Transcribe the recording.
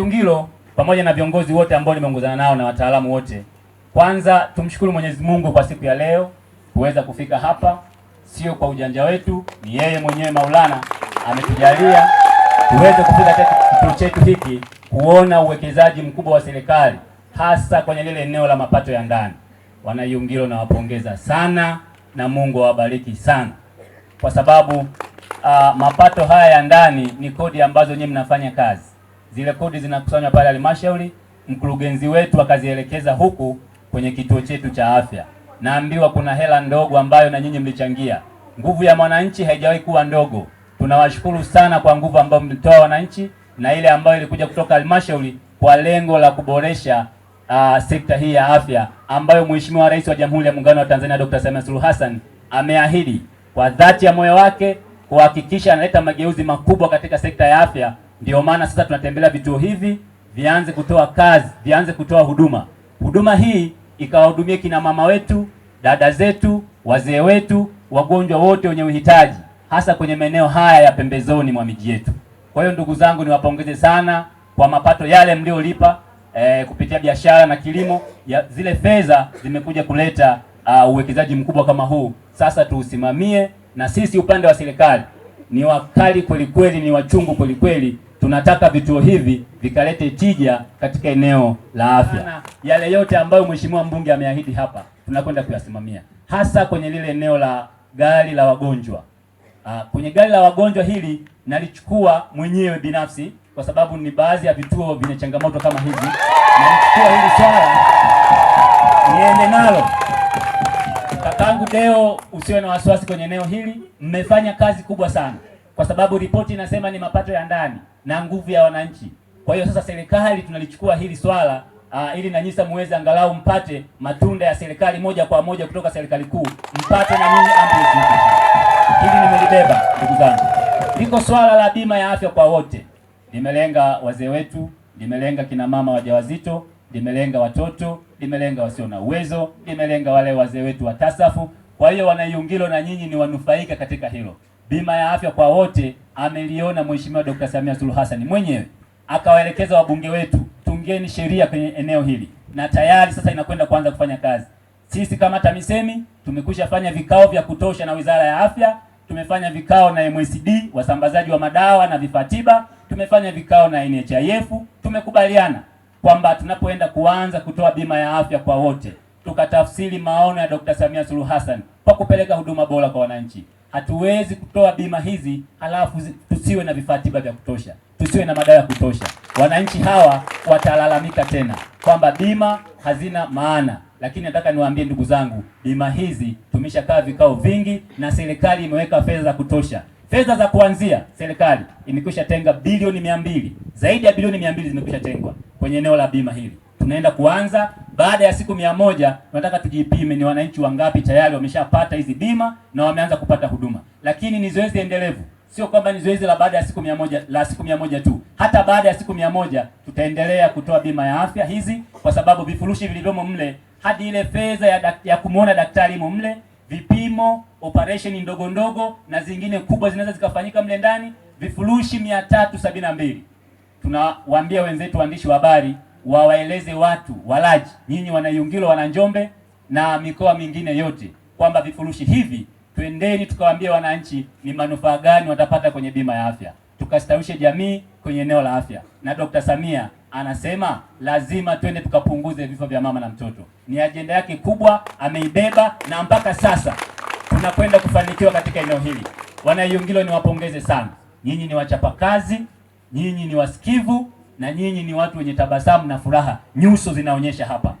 ungilo pamoja na viongozi wote ambao nimeongozana nao na wataalamu wote, kwanza tumshukuru Mwenyezi Mungu kwa siku ya leo kuweza kufika hapa, sio kwa ujanja wetu, ni yeye mwenyewe Maulana ametujalia tuweze kufika katika kituo chetu hiki kuona uwekezaji mkubwa wa serikali hasa kwenye lile eneo la mapato ya ndani. Wanayungilo nawapongeza sana na Mungu awabariki sana, kwa sababu uh, mapato haya ya ndani ni kodi ambazo nyinyi mnafanya kazi zile kodi zinakusanywa pale halmashauri, mkurugenzi wetu akazielekeza huku kwenye kituo chetu cha afya. Naambiwa kuna hela ndogo ambayo na nyinyi mlichangia. Nguvu ya mwananchi haijawahi kuwa ndogo. Tunawashukuru sana kwa nguvu ambayo mlitoa wananchi na ile ambayo ilikuja kutoka halmashauri kwa lengo la kuboresha uh, sekta hii ya afya ambayo Mheshimiwa Rais wa Jamhuri ya Muungano wa Tanzania Dr. Samia Suluhu Hassan ameahidi kwa dhati ya moyo wake kuhakikisha analeta mageuzi makubwa katika sekta ya afya ndio maana sasa tunatembelea vituo hivi vianze kutoa kazi, vianze kutoa huduma. Huduma hii ikawahudumie kina mama wetu, dada zetu, wazee wetu, wagonjwa wote wenye uhitaji, hasa kwenye maeneo haya ya pembezoni mwa miji yetu. Kwa hiyo ndugu zangu, niwapongeze sana kwa mapato yale mliolipa eh, kupitia biashara na kilimo ya, zile fedha zimekuja kuleta uh, uwekezaji mkubwa kama huu. Sasa tuusimamie, na sisi upande wa serikali ni wakali kwelikweli, ni wachungu kwelikweli tunataka vituo hivi vikalete tija katika eneo la afya. Yale yote ambayo mheshimiwa mbunge ameahidi hapa tunakwenda kuyasimamia, hasa kwenye lile eneo la gari la wagonjwa. Aa, ah, kwenye gari la wagonjwa hili nalichukua mwenyewe binafsi kwa sababu ni baadhi ya vituo vyenye changamoto kama hizi, nalichukua hili swala niende nalo. Kakangu Deo, usiwe na wasiwasi kwenye eneo hili, mmefanya kazi kubwa sana kwa sababu ripoti inasema ni mapato ya ndani na nguvu ya wananchi. Kwa hiyo sasa serikali tunalichukua hili swala uh, ili na nyinyi muweze angalau mpate matunda ya serikali moja kwa moja kutoka serikali kuu, mpate na nyinyi amri. Hili nimelibeba ndugu zangu. Liko swala la bima ya afya kwa wote, limelenga wazee wetu, limelenga kina mama wajawazito, limelenga watoto, limelenga wasio na uwezo, limelenga wale wazee wetu wa tasafu. Kwa hiyo wanaiungilo na nyinyi ni wanufaika katika hilo bima ya afya kwa wote ameliona Mheshimiwa Dr. Samia Suluhu Hassan mwenyewe, akawaelekeza wabunge wetu, tungeni sheria kwenye eneo hili, na tayari sasa inakwenda kuanza kufanya kazi. Sisi kama TAMISEMI tumekusha fanya vikao vya kutosha na Wizara ya Afya, tumefanya vikao na MSD wasambazaji wa madawa na vifaa tiba, tumefanya vikao na NHIF, tumekubaliana kwamba tunapoenda kuanza kutoa bima ya afya kwa wote tukatafsiri maono ya Dr. Samia Suluhu Hassan kwa kupeleka huduma bora kwa wananchi. Hatuwezi kutoa bima hizi halafu tusiwe na vifaa tiba vya kutosha, tusiwe na madawa ya kutosha. Wananchi hawa watalalamika tena kwamba bima hazina maana. Lakini nataka niwaambie ndugu zangu, bima hizi tumeshakaa vikao vingi na serikali imeweka fedha za kutosha. Fedha za kuanzia serikali imekwisha tenga bilioni mia mbili, zaidi ya bilioni mia mbili zimekwisha tengwa kwenye eneo la bima hili. Tunaenda kuanza baada ya siku mia moja tunataka tujipime ni wananchi wangapi tayari wameshapata hizi bima na wameanza kupata huduma, lakini ni zoezi endelevu, sio kwamba ni zoezi la baada ya siku mia moja la siku mia moja tu. Hata baada ya siku mia moja tutaendelea kutoa bima ya afya hizi, kwa sababu vifurushi vilivyomo mle hadi ile fedha ya, dak ya kumwona daktari mo mle, vipimo, operation ndogo ndogo na zingine kubwa zinaweza zikafanyika mle ndani. Vifurushi mia tatu sabini na mbili tunawaambia wenzetu waandishi wa habari wawaeleze watu walaji, nyinyi wanaiungilo wana Njombe na mikoa mingine yote kwamba vifurushi hivi, twendeni tukawaambie wananchi ni manufaa gani watapata kwenye bima ya afya, tukastawishe jamii kwenye eneo la afya. Na Dr. Samia anasema lazima twende tukapunguze vifo vya mama na mtoto. Ni ajenda yake kubwa, ameibeba na mpaka sasa tunakwenda kufanikiwa katika eneo hili. wanaiungilo niwapongeze sana, nyinyi ni wachapakazi, nyinyi ni wasikivu na nyinyi ni watu wenye tabasamu na furaha, nyuso zinaonyesha hapa.